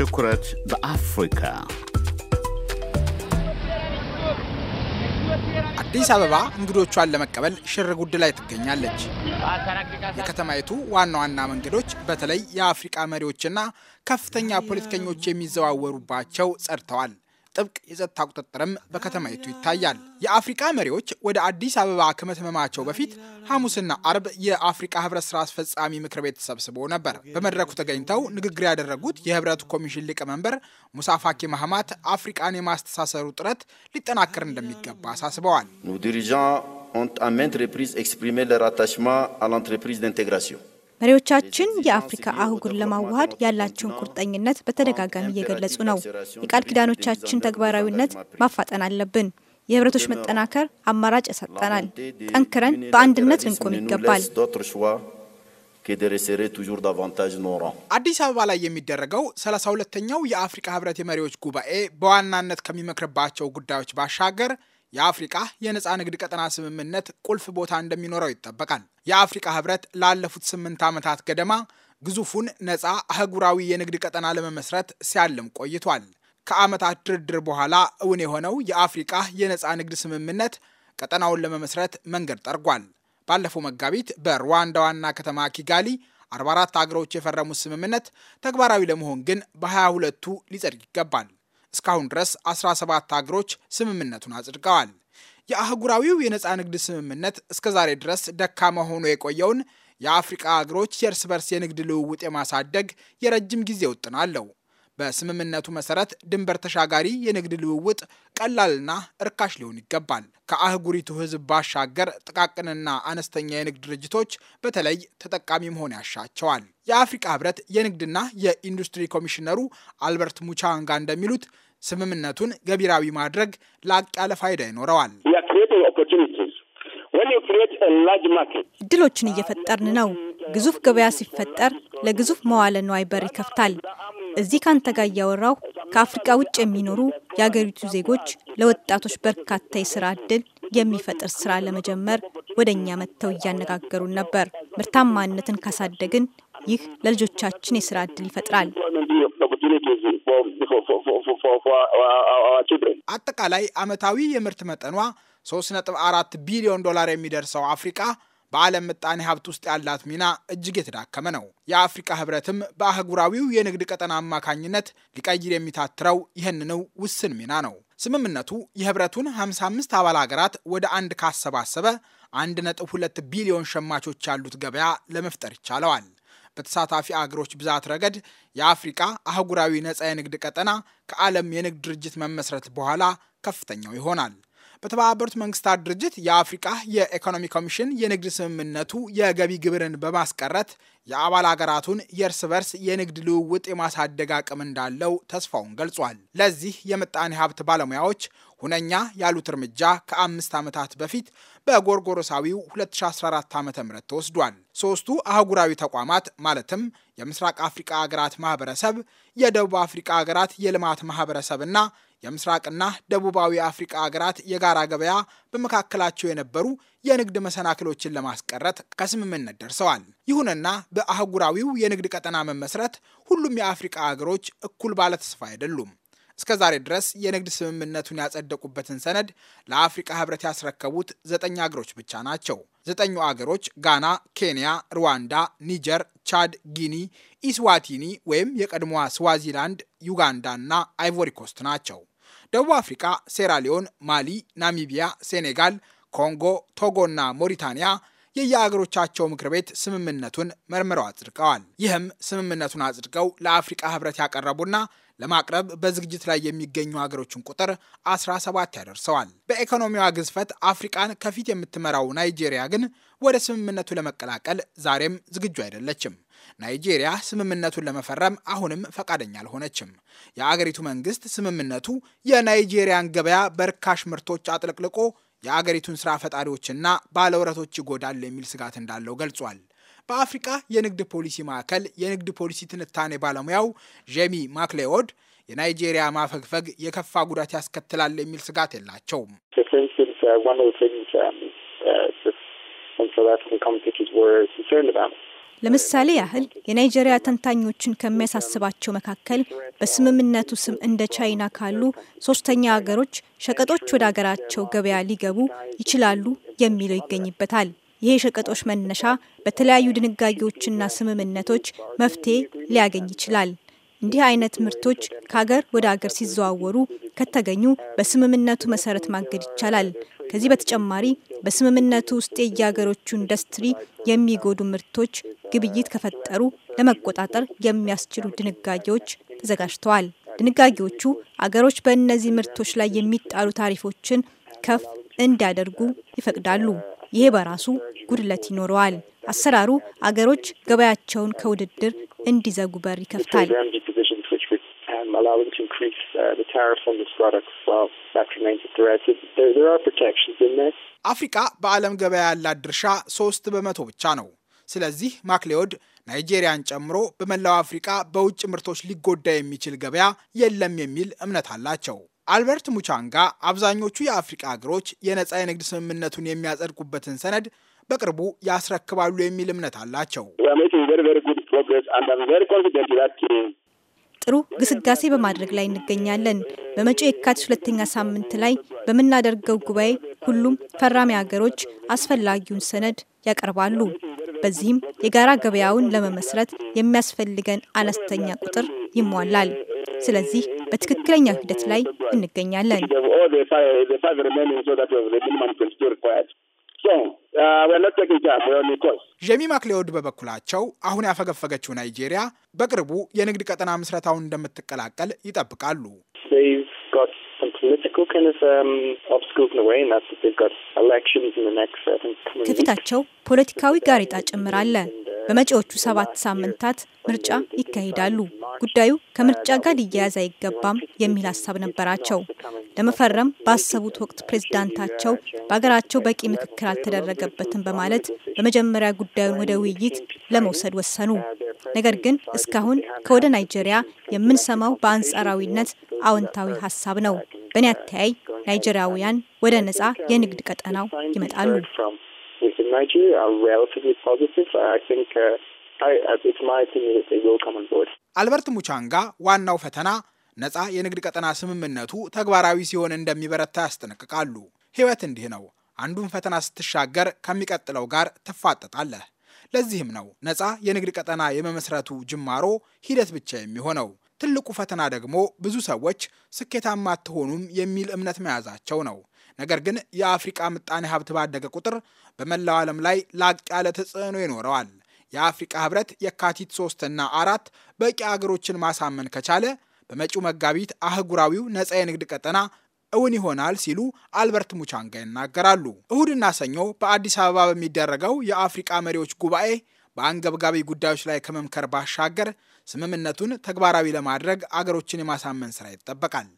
ትኩረት በአፍሪካ አዲስ አበባ እንግዶቿን ለመቀበል ሽር ጉድ ላይ ትገኛለች። የከተማይቱ ዋና ዋና መንገዶች በተለይ የአፍሪቃ መሪዎችና ከፍተኛ ፖለቲከኞች የሚዘዋወሩባቸው ጸድተዋል። ጥብቅ የጸጥታ ቁጥጥርም በከተማይቱ ይታያል። የአፍሪቃ መሪዎች ወደ አዲስ አበባ ከመተመማቸው በፊት ሐሙስና አርብ የአፍሪቃ ህብረት ስራ አስፈጻሚ ምክር ቤት ተሰብስቦ ነበር። በመድረኩ ተገኝተው ንግግር ያደረጉት የህብረቱ ኮሚሽን ሊቀመንበር ሙሳ ፋኪ ማህማት አፍሪቃን የማስተሳሰሩ ጥረት ሊጠናከር እንደሚገባ አሳስበዋል። nos dirigeants ont à maintes reprises exprimé leur መሪዎቻችን የአፍሪካ አህጉር ለማዋሃድ ያላቸውን ቁርጠኝነት በተደጋጋሚ እየገለጹ ነው። የቃል ኪዳኖቻችን ተግባራዊነት ማፋጠን አለብን። የህብረቶች መጠናከር አማራጭ ያሳጠናል። ጠንክረን በአንድነት ልንቆም ይገባል። አዲስ አበባ ላይ የሚደረገው 32ተኛው የአፍሪካ ህብረት የመሪዎች ጉባኤ በዋናነት ከሚመክርባቸው ጉዳዮች ባሻገር የአፍሪቃ የነፃ ንግድ ቀጠና ስምምነት ቁልፍ ቦታ እንደሚኖረው ይጠበቃል። የአፍሪቃ ህብረት ላለፉት ስምንት ዓመታት ገደማ ግዙፉን ነፃ አህጉራዊ የንግድ ቀጠና ለመመስረት ሲያልም ቆይቷል። ከዓመታት ድርድር በኋላ እውን የሆነው የአፍሪቃ የነፃ ንግድ ስምምነት ቀጠናውን ለመመስረት መንገድ ጠርጓል። ባለፈው መጋቢት በሩዋንዳ ዋና ከተማ ኪጋሊ 44 አገሮች የፈረሙት ስምምነት ተግባራዊ ለመሆን ግን በ22ቱ ሊጸድቅ ይገባል። እስካሁን ድረስ 17 ሀገሮች ስምምነቱን አጽድቀዋል። የአህጉራዊው የነፃ ንግድ ስምምነት እስከ ዛሬ ድረስ ደካማ ሆኖ የቆየውን የአፍሪቃ ሀገሮች የእርስ በርስ የንግድ ልውውጥ የማሳደግ የረጅም ጊዜ ውጥን አለው። በስምምነቱ መሰረት ድንበር ተሻጋሪ የንግድ ልውውጥ ቀላልና እርካሽ ሊሆን ይገባል። ከአህጉሪቱ ሕዝብ ባሻገር ጥቃቅንና አነስተኛ የንግድ ድርጅቶች በተለይ ተጠቃሚ መሆን ያሻቸዋል። የአፍሪካ ህብረት የንግድና የኢንዱስትሪ ኮሚሽነሩ አልበርት ሙቻንጋ እንደሚሉት ስምምነቱን ገቢራዊ ማድረግ ላቅ ያለ ፋይዳ ይኖረዋል። እድሎችን እየፈጠርን ነው። ግዙፍ ገበያ ሲፈጠር ለግዙፍ መዋለ ንዋይ በር ይከፍታል። እዚህ ካንተ ጋር እያወራው ከአፍሪቃ ውጭ የሚኖሩ የአገሪቱ ዜጎች ለወጣቶች በርካታ የስራ እድል የሚፈጥር ስራ ለመጀመር ወደ እኛ መጥተው እያነጋገሩን ነበር። ምርታማነትን ካሳደግን ይህ ለልጆቻችን የስራ እድል ይፈጥራል። አጠቃላይ አመታዊ የምርት መጠኗ 3.4 ቢሊዮን ዶላር የሚደርሰው አፍሪቃ በዓለም ምጣኔ ሀብት ውስጥ ያላት ሚና እጅግ የተዳከመ ነው። የአፍሪካ ህብረትም በአህጉራዊው የንግድ ቀጠና አማካኝነት ሊቀይር የሚታትረው ይህንንው ውስን ሚና ነው። ስምምነቱ የህብረቱን 55 አባል ሀገራት ወደ አንድ ካሰባሰበ 1.2 ቢሊዮን ሸማቾች ያሉት ገበያ ለመፍጠር ይቻለዋል። በተሳታፊ አገሮች ብዛት ረገድ የአፍሪቃ አህጉራዊ ነፃ የንግድ ቀጠና ከዓለም የንግድ ድርጅት መመስረት በኋላ ከፍተኛው ይሆናል። በተባበሩት መንግስታት ድርጅት የአፍሪቃ የኢኮኖሚ ኮሚሽን የንግድ ስምምነቱ የገቢ ግብርን በማስቀረት የአባል አገራቱን የእርስ በርስ የንግድ ልውውጥ የማሳደግ አቅም እንዳለው ተስፋውን ገልጿል። ለዚህ የምጣኔ ሀብት ባለሙያዎች ሁነኛ ያሉት እርምጃ ከአምስት ዓመታት በፊት በጎርጎሮሳዊው 2014 ዓ ም ተወስዷል። ሦስቱ አህጉራዊ ተቋማት ማለትም የምስራቅ አፍሪቃ አገራት ማህበረሰብ፣ የደቡብ አፍሪቃ አገራት የልማት ማህበረሰብ እና የምስራቅና ደቡባዊ አፍሪካ ሀገራት የጋራ ገበያ በመካከላቸው የነበሩ የንግድ መሰናክሎችን ለማስቀረት ከስምምነት ደርሰዋል። ይሁንና በአህጉራዊው የንግድ ቀጠና መመስረት ሁሉም የአፍሪካ ሀገሮች እኩል ባለተስፋ አይደሉም። እስከ ዛሬ ድረስ የንግድ ስምምነቱን ያጸደቁበትን ሰነድ ለአፍሪካ ህብረት ያስረከቡት ዘጠኝ አገሮች ብቻ ናቸው። ዘጠኙ አገሮች ጋና፣ ኬንያ፣ ሩዋንዳ፣ ኒጀር፣ ቻድ፣ ጊኒ፣ ኢስዋቲኒ ወይም የቀድሞዋ ስዋዚላንድ፣ ዩጋንዳ እና አይቮሪኮስት ናቸው። ደቡብ አፍሪካ፣ ሴራሊዮን፣ ማሊ፣ ናሚቢያ፣ ሴኔጋል፣ ኮንጎ፣ ቶጎ እና ሞሪታንያ የየአገሮቻቸው ምክር ቤት ስምምነቱን መርምረው አጽድቀዋል። ይህም ስምምነቱን አጽድቀው ለአፍሪቃ ህብረት ያቀረቡና ለማቅረብ በዝግጅት ላይ የሚገኙ ሀገሮችን ቁጥር 17 ያደርሰዋል። በኢኮኖሚዋ ግዝፈት አፍሪቃን ከፊት የምትመራው ናይጄሪያ ግን ወደ ስምምነቱ ለመቀላቀል ዛሬም ዝግጁ አይደለችም። ናይጄሪያ ስምምነቱን ለመፈረም አሁንም ፈቃደኛ አልሆነችም። የአገሪቱ መንግስት ስምምነቱ የናይጄሪያን ገበያ በርካሽ ምርቶች አጥለቅልቆ የአገሪቱን ስራ ፈጣሪዎችና ባለውረቶች ይጎዳል የሚል ስጋት እንዳለው ገልጿል። በአፍሪቃ የንግድ ፖሊሲ ማዕከል የንግድ ፖሊሲ ትንታኔ ባለሙያው ጄሚ ማክሌዎድ የናይጄሪያ ማፈግፈግ የከፋ ጉዳት ያስከትላል የሚል ስጋት የላቸውም። ለምሳሌ ያህል የናይጄሪያ ተንታኞችን ከሚያሳስባቸው መካከል በስምምነቱ ስም እንደ ቻይና ካሉ ሶስተኛ ሀገሮች ሸቀጦች ወደ ሀገራቸው ገበያ ሊገቡ ይችላሉ የሚለው ይገኝበታል። ይህ የሸቀጦች መነሻ በተለያዩ ድንጋጌዎችና ስምምነቶች መፍትሄ ሊያገኝ ይችላል። እንዲህ አይነት ምርቶች ከሀገር ወደ ሀገር ሲዘዋወሩ ከተገኙ በስምምነቱ መሰረት ማገድ ይቻላል። ከዚህ በተጨማሪ በስምምነቱ ውስጥ የየሀገሮቹ ኢንዱስትሪ የሚጎዱ ምርቶች ግብይት ከፈጠሩ ለመቆጣጠር የሚያስችሉ ድንጋጌዎች ተዘጋጅተዋል። ድንጋጌዎቹ አገሮች በእነዚህ ምርቶች ላይ የሚጣሉ ታሪፎችን ከፍ እንዲያደርጉ ይፈቅዳሉ። ይሄ በራሱ ጉድለት ይኖረዋል። አሰራሩ አገሮች ገበያቸውን ከውድድር እንዲዘጉ በር ይከፍታል። አፍሪቃ በዓለም ገበያ ያላት ድርሻ ሶስት በመቶ ብቻ ነው። ስለዚህ ማክሌዎድ ናይጄሪያን ጨምሮ በመላው አፍሪቃ በውጭ ምርቶች ሊጎዳ የሚችል ገበያ የለም የሚል እምነት አላቸው። አልበርት ሙቻንጋ አብዛኞቹ የአፍሪቃ አገሮች የነፃ የንግድ ስምምነቱን የሚያጸድቁበትን ሰነድ በቅርቡ ያስረክባሉ የሚል እምነት አላቸው። ጥሩ ግስጋሴ በማድረግ ላይ እንገኛለን። በመጪው የካቲት ሁለተኛ ሳምንት ላይ በምናደርገው ጉባኤ ሁሉም ፈራሚ ሀገሮች አስፈላጊውን ሰነድ ያቀርባሉ። በዚህም የጋራ ገበያውን ለመመስረት የሚያስፈልገን አነስተኛ ቁጥር ይሟላል። ስለዚህ በትክክለኛው ሂደት ላይ እንገኛለን። ጀሚ ክሌዎድ በበኩላቸው አሁን ያፈገፈገችው ናይጄሪያ በቅርቡ የንግድ ቀጠና ምስረታውን እንደምትቀላቀል ይጠብቃሉ። ከፊታቸው ፖለቲካዊ ጋሬጣ ጭምር አለ። በመጪዎቹ ሰባት ሳምንታት ምርጫ ይካሄዳሉ። ጉዳዩ ከምርጫ ጋር ሊያያዝ አይገባም የሚል ሀሳብ ነበራቸው። ለመፈረም ባሰቡት ወቅት ፕሬዝዳንታቸው በሀገራቸው በቂ ምክክር አልተደረገበትም በማለት በመጀመሪያ ጉዳዩን ወደ ውይይት ለመውሰድ ወሰኑ። ነገር ግን እስካሁን ከወደ ናይጄሪያ የምንሰማው በአንጻራዊነት አዎንታዊ ሀሳብ ነው። በእኔ አተያይ ናይጄሪያውያን ወደ ነጻ የንግድ ቀጠናው ይመጣሉ። አልበርት ሙቻንጋ ዋናው ፈተና ነፃ የንግድ ቀጠና ስምምነቱ ተግባራዊ ሲሆን እንደሚበረታ ያስጠነቅቃሉ። ሕይወት እንዲህ ነው። አንዱን ፈተና ስትሻገር ከሚቀጥለው ጋር ትፋጠጣለህ። ለዚህም ነው ነፃ የንግድ ቀጠና የመመስረቱ ጅማሮ ሂደት ብቻ የሚሆነው። ትልቁ ፈተና ደግሞ ብዙ ሰዎች ስኬታማ አትሆኑም የሚል እምነት መያዛቸው ነው። ነገር ግን የአፍሪቃ ምጣኔ ሀብት ባደገ ቁጥር በመላው ዓለም ላይ ላቅ ያለ ተጽዕኖ ይኖረዋል። የአፍሪቃ ህብረት የካቲት ሶስትና አራት በቂ አገሮችን ማሳመን ከቻለ በመጪው መጋቢት አህጉራዊው ነፃ የንግድ ቀጠና እውን ይሆናል ሲሉ አልበርት ሙቻንጋ ይናገራሉ። እሁድና ሰኞ በአዲስ አበባ በሚደረገው የአፍሪቃ መሪዎች ጉባኤ በአንገብጋቢ ጉዳዮች ላይ ከመምከር ባሻገር ስምምነቱን ተግባራዊ ለማድረግ አገሮችን የማሳመን ስራ ይጠበቃል።